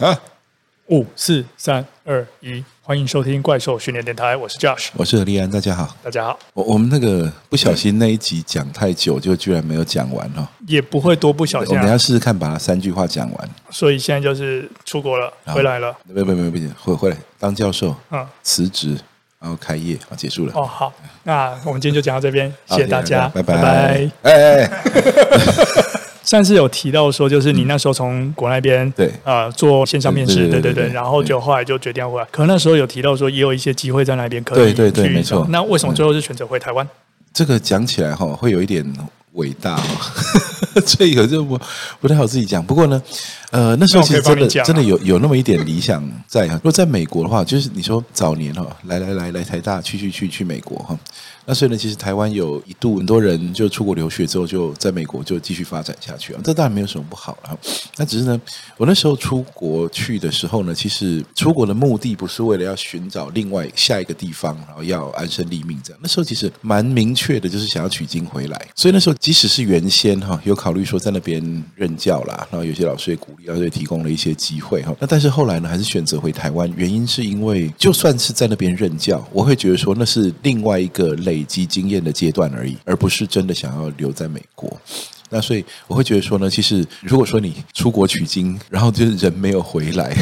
啊，五四三二一，歡迎收聽《怪獸訓練電台》，我是 Josh，我是何立安，大家好，大家好。我我們那個不小心那一集講太久，就居然沒有講完哈，也不會多不小心。等下試試看把它三句話講完。所以現在就是出國了，回來了，沒沒沒，不行。回回來當教授，嗯，辭職，然後開業，啊，結束了。哦，好，那我們今天就講到這邊，謝謝大家，拜拜，哎。但是有提到說，就是你那時候從國那邊對啊，做線上面試，對對對，對，然後就後來就決定要回來。可能那時候有提到說，也有一些機會在那邊可以對對對，沒錯。那為什麼最後是選擇回台灣？嗯、這個講起來哈，會有一點偉大、哦， 這個就我不，不太好自己講。不過呢。呃，那時候其實真的真的有有那麼一點理想在哈。如果在美國的話，就是你說早年哈，來來來來台大，去去去去美國哈。那所以呢，其實台灣有一度很多人就出國留學之後，就在美國就繼續發展下去啊。這當然沒有什麼不好了。那只是呢，我那時候出國去的時候呢，其實出國的目的不是為了要尋找另外下一個地方，然後要安身立命這樣。那時候其實蠻明確的，就是想要取經回來。所以那時候即使是原先哈有考慮說在那邊任教啦，然後有些老師也鼓勵。球隊提供了一些機會哈，那但是後來呢，還是選擇回台灣，原因是因為就算是在那邊任教，我會覺得說那是另外一個累積經驗的階段而已，而不是真的想要留在美國。那所以我會覺得說呢，其實如果說你出國取經，然後就是人沒有回來，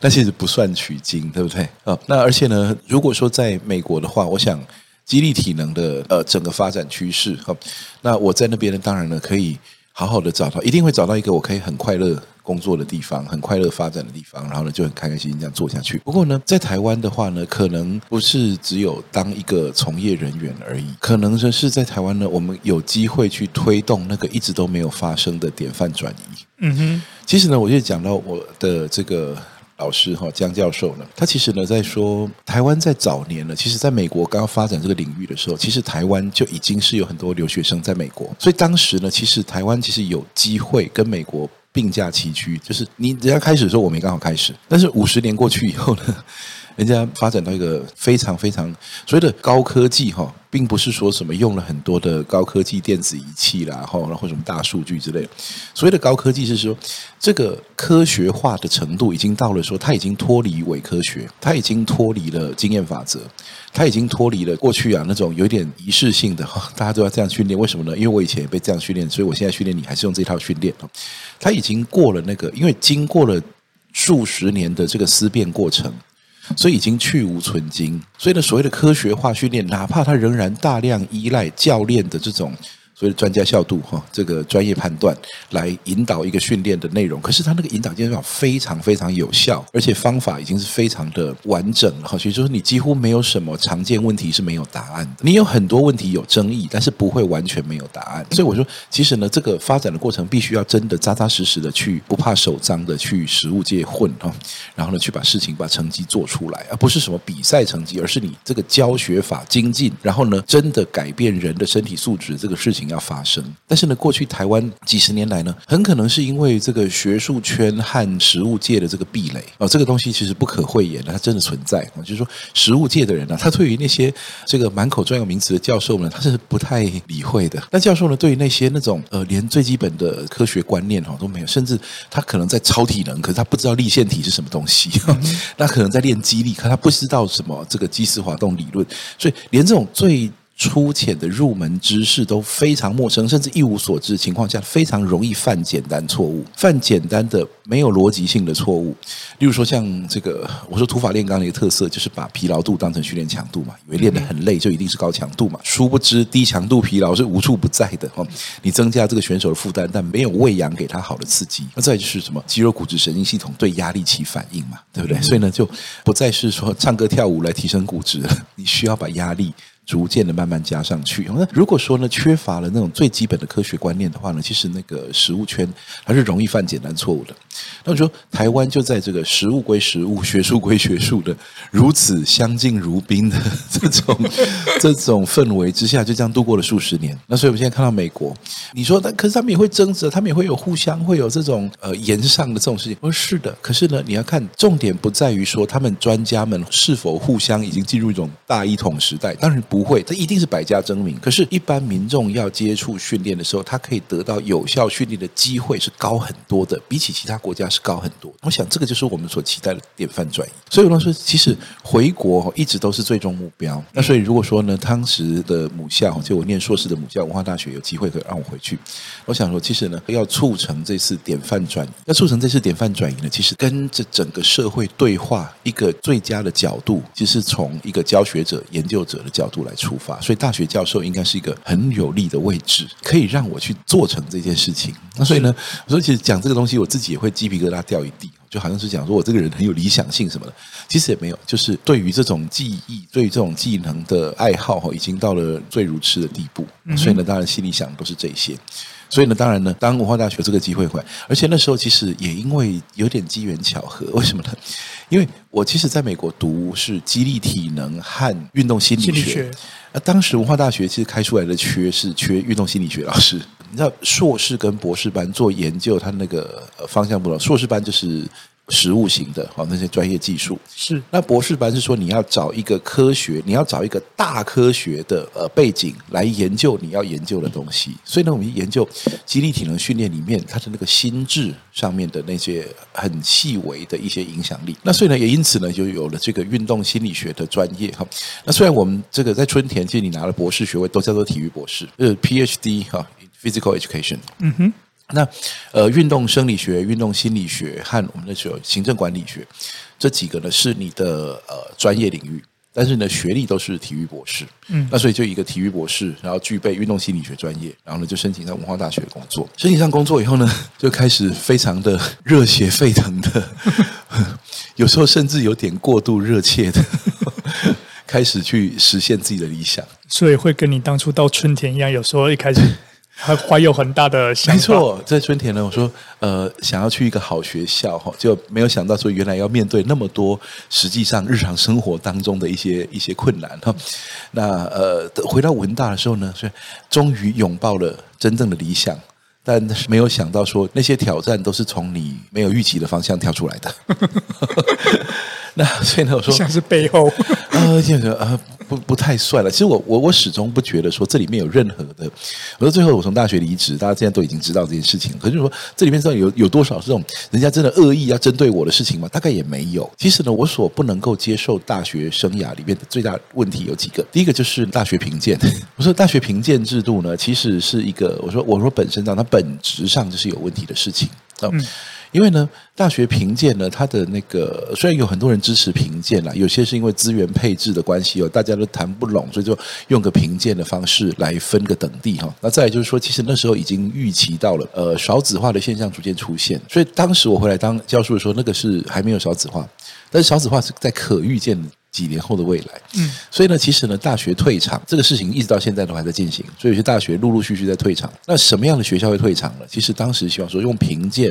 那其實不算取經，對不對？啊，那而且呢，如果說在美國的話，我想，肌力體能的呃整個發展趨勢哈，那我在那邊呢，當然呢可以好好的找到，一定會找到一個我可以很快樂。工作的地方很快樂，發展的地方，然後呢就很開開心心這樣做下去。不過呢，在台灣的話呢，可能不是只有當一個從業人員而已，可能說是在台灣呢，我們有機會去推動那個一直都沒有發生的典範轉移。嗯哼，其實呢，我就講到我的這個老師哈、哦，江教授呢，他其實呢在說台灣在早年呢，其實在美國剛剛發展這個領域的時候，其實台灣就已經是有很多留學生在美國，所以當時呢，其實台灣其實有機會跟美國。並駕齊驅，就是你人家開始的時候我沒剛好開始，但是五十年過去以後呢，人家發展到一個非常非常所謂的高科技哈，並不是說什麼用了很多的高科技電子儀器啦，哈，然後什麼大數據之類的。所謂的高科技是說，這個科學化的程度已經到了說，它已經脫離偽科學，它已經脫離了經驗法則，它已經脫離了過去啊那種有點儀式性的，大家都要這樣訓練。為什麼呢？因為我以前也被這樣訓練，所以我現在訓練你還是用這套訓練。它已經過了那個，因為經過了數十年的這個思辨過程。所以已經去蕪存菁，所以呢，所謂的科學化訓練，哪怕它仍然大量依賴教練的這種。所以專家效度哈，這個專業判斷來引導一個訓練的內容，可是他那個引導技巧非常非常有效，而且方法已經是非常的完整哈。其實就是你幾乎沒有什麼常見問題是沒有答案的，你有很多問題有爭議，但是不會完全沒有答案。所以我說，其實呢，這個發展的過程必須要真的扎扎實實的去不怕手髒的去實務界混哈，然後呢，去把事情把成績做出來，而不是什麼比賽成績，而是你這個教學法精進，然後呢真的改變人的身體素質這個事情要發生，但是呢，過去台灣幾十年來呢，很可能是因為這個學術圈和實務界的這個壁壘哦，這個東西其實不可諱言的，它真的存在啊、哦。就是說，實務界的人呢、啊，他對於那些這個滿口專有名詞的教授呢，他是不太理會的。那教授呢，對於那些那種呃，連最基本的科學觀念哈、哦、都沒有，甚至他可能在超體能，可是他不知道粒線體是什麼東西，那、哦、可能在練肌力，可他不知道什麼這個肌絲滑動理論，所以連這種最粗淺的入門知識都非常陌生，甚至一無所知的情況下，非常容易犯簡單錯誤，犯簡單的沒有邏輯性的錯誤。例如說，像這個，我說土法煉鋼的一個特色就是把疲勞度當成訓練強度嘛，以為練得很累就一定是高強度嘛。殊不知，低強度疲勞是無處不在的哦。你增加這個選手的負擔，但沒有餵養給他好的刺激。那再就是什麼肌肉、骨質、神經系統對壓力起反應嘛，對不對？嗯、所以呢，就不再是說唱歌跳舞來提升骨質了，你需要把壓力。逐漸的慢慢加上去，那如果說呢，缺乏了那種最基本的科學觀念的話呢，其實那個實務圈還是容易犯簡單錯誤的。那我就說台灣就在這個實務歸實務、學術歸學術的如此相敬如賓的這種這種氛圍之下，就這樣度過了數十年。那所以我們現在看到美國，你說，但可是他們也會爭執，他們也會有互相會有這種呃言上的這種事情。我說是的，可是呢，你要看重點不在於說他們專家們是否互相已經進入一種大一統時代，當然不。不會，這一定是百家爭鳴。可是，一般民眾要接觸訓練的時候，他可以得到有效訓練的機會是高很多的，比起其他國家是高很多。我想，這個就是我們所期待的典範轉移。所以我說，其實回國一直都是最終目標。那所以，如果說呢，當時的母校，就我念碩士的母校，文化大學，有機會可以讓我回去，我想說，其實呢，要促成這次典範轉移，要促成這次典範轉移呢，其實跟這整個社會對話一個最佳的角度，其實從一個教學者、研究者的角度。來出發，所以大學教授應該是一個很有利的位置，可以讓我去做成這件事情。那所以呢，是我說其實講這個東西，我自己也會雞皮疙瘩掉一地，就好像是講說我這個人很有理想性什麼的，其實也沒有，就是對於這種技藝、對於這種技能的愛好已經到了如醉如癡的地步。嗯、哼所以呢，當然心裡想都是這些。所以呢，當然呢，當文化大學這個機會回來，而且那時候其實也因為有點機緣巧合，為什麼呢？因為我其實在美國讀是肌力體能和運動心理學，啊，而當時文化大學其實開出來的缺是缺運動心理學老師。你知道碩士跟博士班做研究，他那個方向不同，碩士班就是。實物型的哈，那些專業技術，是那博士班是說，你要找一個科學，你要找一個大科學的呃背景來研究你要研究的東西。所以呢，我們去研究肌力、體能訓練裡面它的那個心智上面的那些很細微的一些影響力。那所以呢，也因此呢，就有了這個運動心理學的專業哈。那雖然我們這個在春田其實你拿了博士學位，都叫做體育博士，呃、就是，PhD 哈，Physical Education。嗯哼。那，呃，運動生理學、運動心理學和我們那時候行政管理學這幾個呢，是你的呃專業領域。但是呢，學歷都是體育博士。嗯，那所以就一個體育博士，然後具備運動心理學專業，然後呢，就申請在文化大學工作。申請上工作以後呢，就開始非常的熱血沸騰的， 有時候甚至有點過度熱切的， 開始去實現自己的理想。所以會跟你當初到春天一樣，有時候一開始。 還懷有很大的想，沒錯，在春田呢，我說，呃，想要去一個好學校，哈、哦，就沒有想到說原來要面對那麼多，實際上日常生活當中的一些一些困難哈、哦。那呃，回到文大的時候呢，是終於擁抱了真正的理想，但是沒有想到說那些挑戰都是從你沒有預期的方向跳出來的。 那所以呢，我說，理想是背後。呃，這個呃，不不太帥了。其實我我我始終不覺得說這裡面有任何的。我說最後我從大學離職，大家現在都已經知道這件事情了。可是，是說這裡面知道有有多少是這種人家真的惡意要針對我的事情嗎？大概也沒有。其實呢，我所不能夠接受大學生涯裡面的最大問題有幾個。第一個就是大學評鑑。我說大學評鑑制度呢，其實是一個我說我說本身上它本質上就是有問題的事情。嗯。因為呢，大學評鑑呢，它的那個雖然有很多人支持評鑑啦，有些是因為資源配置的關係哦，大家都談不攏，所以就用個評鑑的方式來分個等第哈。那再來就是說，其實那時候已經預期到了，呃，少子化的現象逐漸出現，所以當時我回來當教授的時候，那個是還沒有少子化，但是少子化是在可預見幾年後的未來。嗯，所以呢，其實呢，大學退場這個事情一直到現在都還在進行，所以有些大學陸陸續續在退場。那什麼樣的學校會退場呢？其實當時希望說用評鑑。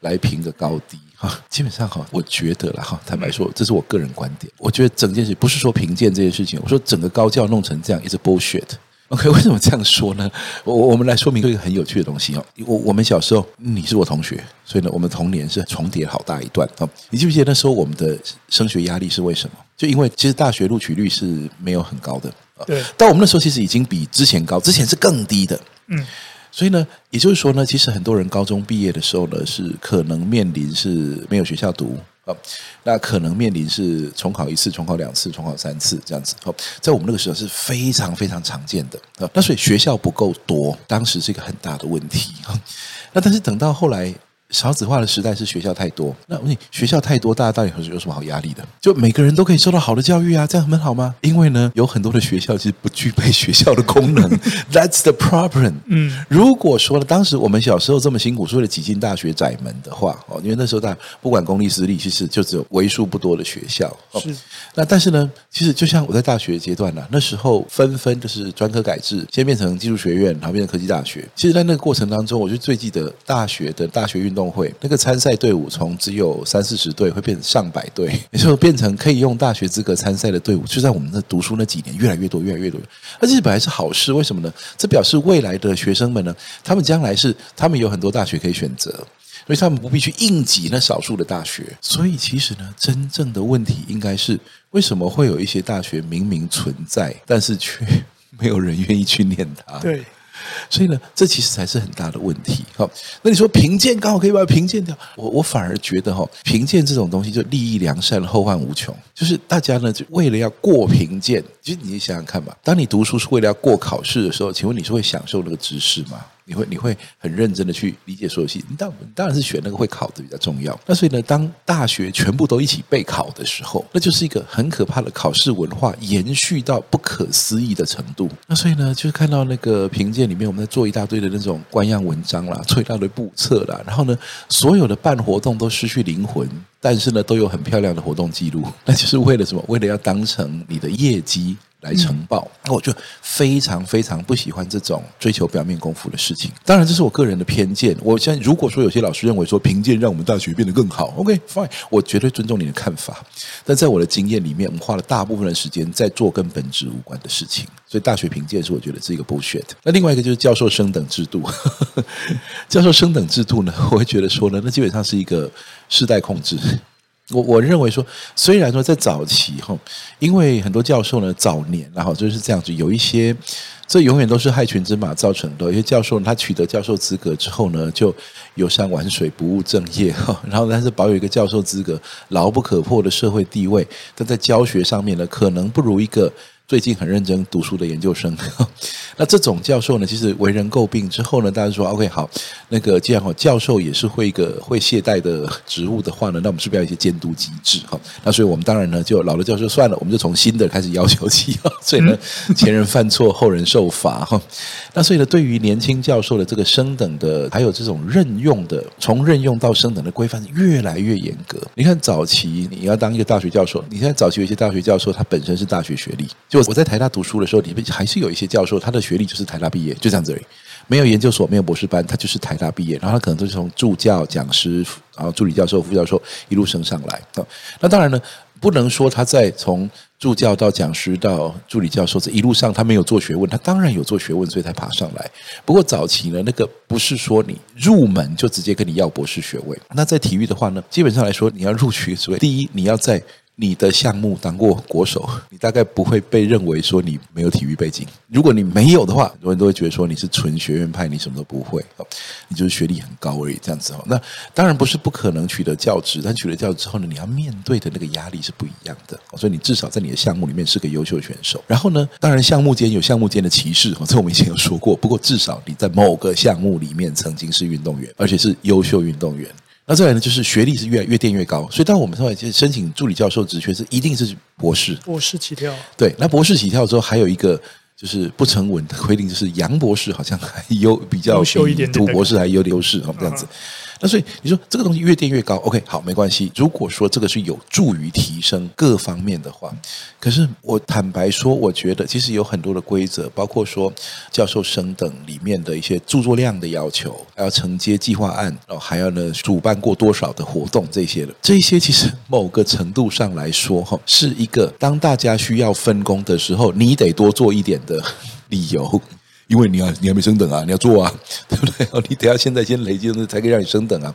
來評個高低哈，基本上哈，我覺得了哈，坦白說，這是我個人觀點。我覺得整件事不是說評鑑這件事情，我說整個高教弄成這樣，一直 bullshit。OK，為什麼這樣說呢？我我們來說明一個很有趣的東西哦。我我們小時候，你是我同學，所以呢，我們童年是重疊好大一段哈，你記不記得那時候我們的升學壓力是為什麼？就因為其實大學錄取率是沒有很高的啊。對，到我們那時候其實已經比之前高，之前是更低的。嗯。所以呢，也就是說呢，其實很多人高中畢業的時候呢，是可能面臨是沒有學校讀啊，那可能面臨是重考一次、重考兩次、重考三次這樣子，好，在我們那個時候是非常非常常見的啊，那所以學校不夠多，當時是一個很大的問題啊，那但是等到後來。少子化的時代是學校太多，那問學校太多，大家到底有什麼好壓力的？就每個人都可以受到好的教育啊，這樣很好嗎？因為呢，有很多的學校其實不具備學校的功能。 That's the problem。嗯，如果說呢，當時我們小時候這麼辛苦，是為了擠進大學窄門的話，哦，因為那時候大不管公立私立，其實就只有為數不多的學校。是，那但是呢，其實就像我在大學階段呢、啊，那時候紛紛就是專科改制，先變成技術學院，然後變成科技大學。其實，在那個過程當中，我就最記得大學的大學運運動會那個參賽隊伍從只有三四十隊會變成上百隊，也就變成可以用大學資格參賽的隊伍。就在我們那讀書那幾年，越來越多，越來越多。而這本來是好事，為什麼呢？這表示未來的學生們呢，他們將來是他們有很多大學可以選擇，所以他們不必去應擠那少數的大學。所以其實呢，真正的問題應該是為什麼會有一些大學明明存在，但是卻沒有人願意去念它？對。所以呢，這其實才是很大的問題。好，那你說評鑑剛好可以把它評鑑掉，我我反而覺得哈、哦，評鑑這種東西就立意良善，後患無窮。就是大家呢，就為了要過評鑑，其實你想想看吧，當你讀書是為了要過考試的時候，請問你是會享受那個知識嗎？你會你會很認真的去理解所有東西，但當，當然是選那個會考的比較重要。那所以呢，當大學全部都一起備考的時候，那就是一個很可怕的考試文化延續到不可思議的程度。那所以呢，就看到那個評鑑裡面，我們在做一大堆的那種官樣文章啦，做一大堆布測啦，然後呢，所有的辦活動都失去靈魂，但是呢，都有很漂亮的活動記錄，那就是為了什麼？為了要當成你的業績。來呈報，那、嗯、我就非常非常不喜歡這種追求表面功夫的事情。當然，這是我個人的偏見。我相信如果說有些老師認為說，評鑑讓我們大學變得更好，OK fine，我絕對尊重你的看法。但在我的經驗裡面，我花了大部分的時間在做跟本質無關的事情，所以大學評鑑是我覺得是一個 bullshit。那另外一個就是教授升等制度， 教授升等制度呢，我會覺得說呢，那基本上是一個世代控制。我我認為說，雖然說在早期哈，因為很多教授呢，早年然後就是這樣子，有一些這永遠都是害群之馬造成的。有些教授他取得教授資格之後呢，就游山玩水不務正業哈，然後但是保有一個教授資格牢不可破的社會地位，但在教學上面呢，可能不如一個。最近很認真讀書的研究生，那這種教授呢，其實為人詬病之後呢，大家說 OK 好，那個既然教授也是會一個會懈怠的職務的話呢，那我們是不是要一些監督機制哈？那所以我們當然呢，就老的教授算了，我們就從新的開始要求起。所以呢，前人犯錯，後人受罰哈。那所以呢，對於年輕教授的這個升等的，還有這種任用的，從任用到升等的規範越來越嚴格。你看早期你要當一個大學教授，你現在早期有些大學教授他本身是大學學歷我我在台大讀書的時候，裡面還是有一些教授，他的學歷就是台大畢業，就這樣子而已，沒有研究所，沒有博士班，他就是台大畢業，然後他可能都是從助教、講師，然後助理教授、副教授一路升上來。那當然呢，不能說他在從助教到講師到助理教授這一路上，他沒有做學問，他當然有做學問，所以他爬上來。不過早期呢，那個不是說你入門就直接跟你要博士學位。那在體育的話呢，基本上來說，你要入學，所以第一，你要在。你的項目當過國手，你大概不會被認為說你沒有體育背景。如果你沒有的話，很多人都會覺得說你是純學院派，你什麼都不會，你就是學歷很高而已這樣子哦。那當然不是不可能取得教職，但取得教職之後呢，你要面對的那個壓力是不一樣的。所以你至少在你的項目裡面是個優秀選手。然後呢，當然項目間有項目間的歧視，這我們以前有說過。不過至少你在某個項目裡面曾經是運動員，而且是優秀運動員。那再來呢，就是學歷是越來越墊越高，所以當我們上來就申請助理教授職缺是一定是博士，博士起跳。對，那博士起跳之後，還有一個就是不成文的規定，就是洋博士好像還有比較土博士還有一點優勢啊，這樣子。Uh huh. 那所以你說這個東西越墊越高，OK，好，沒關係。如果說這個是有助於提升各方面的話，可是我坦白說，我覺得其實有很多的規則，包括說教授升等裡面的一些著作量的要求，還要承接計劃案，然後還要呢主辦過多少的活動這些的，這些其實某個程度上來說哈，是一個當大家需要分工的時候，你得多做一點的理由。因為你要、啊，你還沒升等啊，你要做啊，對不對？你得要現在先累積，才可以讓你升等啊。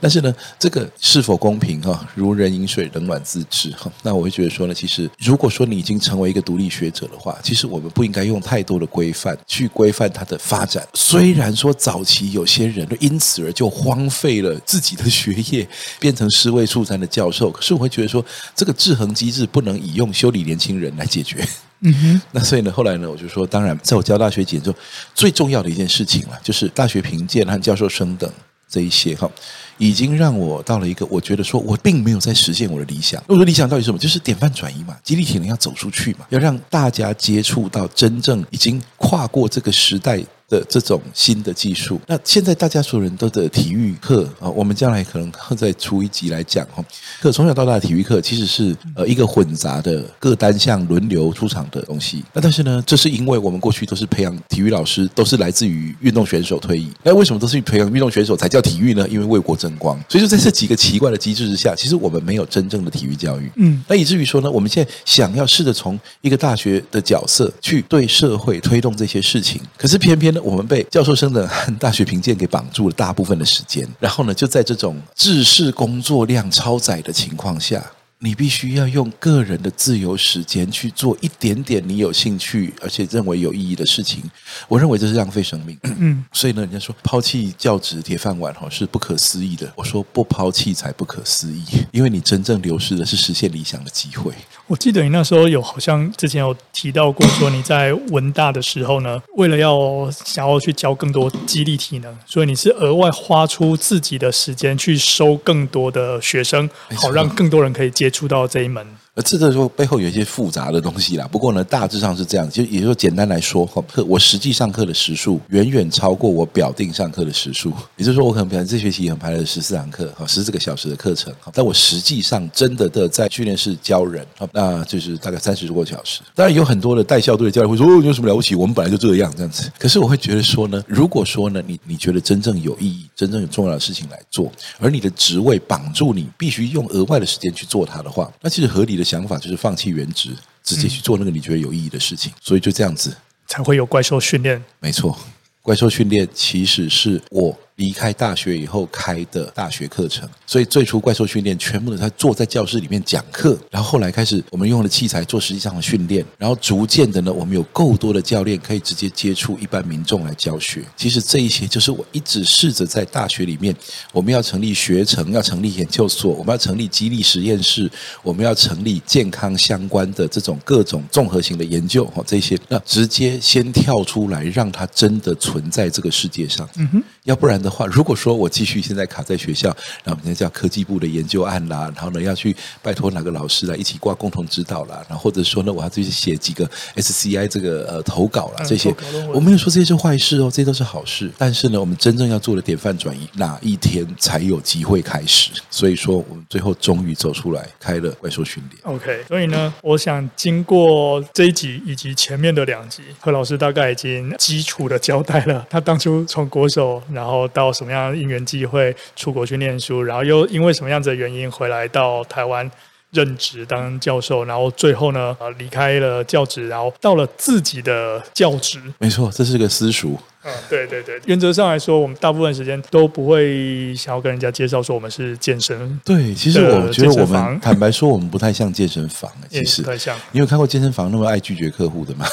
但是呢，這個是否公平？哈、哦，如人飲水，冷暖自知。哈，那我會覺得說呢，其實如果說你已經成為一個獨立學者的話，其實我們不應該用太多的規範去規範他的發展。雖然說早期有些人因此而就荒廢了自己的學業，變成尸位素餐的教授，可是我會覺得說，這個制衡機制不能以用修理年輕人來解決。嗯哼，那所以呢，後來呢，我就說，當然，在我教大學幾年中，最重要的一件事情啦，就是大學評鑑和教授升等這一些哈，已經讓我到了一個，我覺得說我並沒有在實現我的理想。我的理想到底是什麼？就是典範轉移嘛，肌力體能要走出去嘛，要讓大家接觸到真正已經跨過這個時代，的這種新的技術，那現在大家所有人都的體育課啊，我們將來可能會再出一集來講哈，可從小到大的體育課其實是呃一個混雜的各單項輪流出場的東西。那但是呢，這是因為我們過去都是培養體育老師，都是來自於運動選手退役。那為什麼都是培養運動選手才叫體育呢？因為為國爭光。所以就在這幾個奇怪的機制之下，其實我們沒有真正的體育教育。嗯，那以至於說呢，我們現在想要試着從一個大學的角色去對社會推動這些事情，可是偏偏呢。我們被教授生的大學評鑑給綁住了大部分的時間，然後呢，就在這種制式工作量超載的情況下，你必須要用個人的自由時間去做一點點你有興趣而且認為有意義的事情。我認為這是浪費生命。 嗯，所以呢，人家說拋棄教職鐵飯碗吼是不可思議的。我說不拋棄才不可思議，因為你真正流失的是實現理想的機會。我記得你那時候有好像之前有提到過，說你在文大的時候呢，為了要想要去教更多肌力體能，所以你是額外花出自己的時間去收更多的學生，好讓更多人可以接觸到這一門。而這個說背後有一些複雜的東西啦。不過呢，大致上是這樣子，就也就簡單來說，哈我實際上課的時數遠遠超過我表定上課的時數。也就是說，我可能排這學期也很排了十四堂課，哈，十四個小時的課程。好，但我實際上真的的在訓練室教人，那就是大概三十多個小時。當然有很多的帶校隊的教練會說，哦，有什麼了不起？我們本來就這個樣，這樣子。可是我會覺得說呢，如果說呢，你你覺得真正有意義、真正有重要的事情來做，而你的職位綁住你必須用額外的時間去做它的話，那其實合理的。想法就是放棄原職，直接去做那個你覺得有意義的事情，嗯、所以就這樣子，才會有怪獸訓練。沒錯，怪獸訓練其實是我。離開大學以後開的大學課程，所以最初怪獸訓練全部都他坐在教室裡面講課，然後後來開始我們用了器材做實際上的訓練，然後逐漸的呢，我們有夠多的教練可以直接接觸一般民眾來教學。其實這一些就是我一直試着在大學裡面，我們要成立學程，要成立研究所，我們要成立肌力實驗室，我們要成立健康相關的這種各種綜合型的研究哦，這些那直接先跳出來，讓它真的存在這個世界上。嗯哼，要不然，的話，如果說我繼續現在卡在學校，然後人家叫科技部的研究案啦、啊，然後呢要去拜托哪個老師來、啊、一起掛共同指導啦、啊。然後或者說呢，我要去寫幾個 SCI 這個呃投稿啦、啊。這些，嗯、我,我沒有說這些是壞事哦，這些都是好事。但是呢，我們真正要做的典範轉移哪一天才有機會開始？所以說，我們最後終於走出來，開了怪獸訓練。OK，所以呢，嗯、我想經過這一集以及前面的兩集，何老師大概已經基礎的交代了，他當初從國手，然後到什麼樣的因緣際會，出國去念書，然後又因為什麼樣子的原因回來到台灣任職當教授，然後最後呢，啊，離開了教職，然後到了自己的教職。沒錯，這是個私塾。啊、嗯，對對對，原則上來說，我們大部分時間都不會想要跟人家介紹說我們是健身。對，其實我覺得我們坦白說，我們不太像健身房 其實不太像，你有看過健身房那麼愛拒絕客戶的嗎？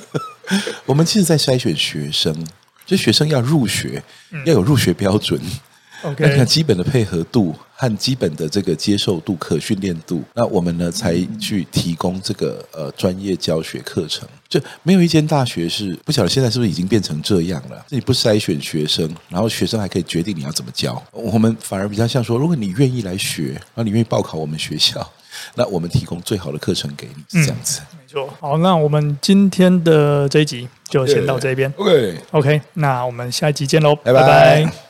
我們其實，在篩選學生。就學生要入學，Okay. 要有入學標準，OK，那你看基本的配合度和基本的這個接受度、可訓練度，那我們呢才去提供這個呃專業教學課程。就沒有一間大學是不曉得現在是不是已經變成這樣了？你不篩選學生，然後學生還可以決定你要怎麼教。我們反而比較像說，如果你願意來學，那你願意報考我們學校，那我們提供最好的課程給你，是這樣子。Okay. 好，那我們今天的這一集就先到這邊。Yeah, yeah, OK，OK，okay. okay, 那我們下一集見嘍，拜拜。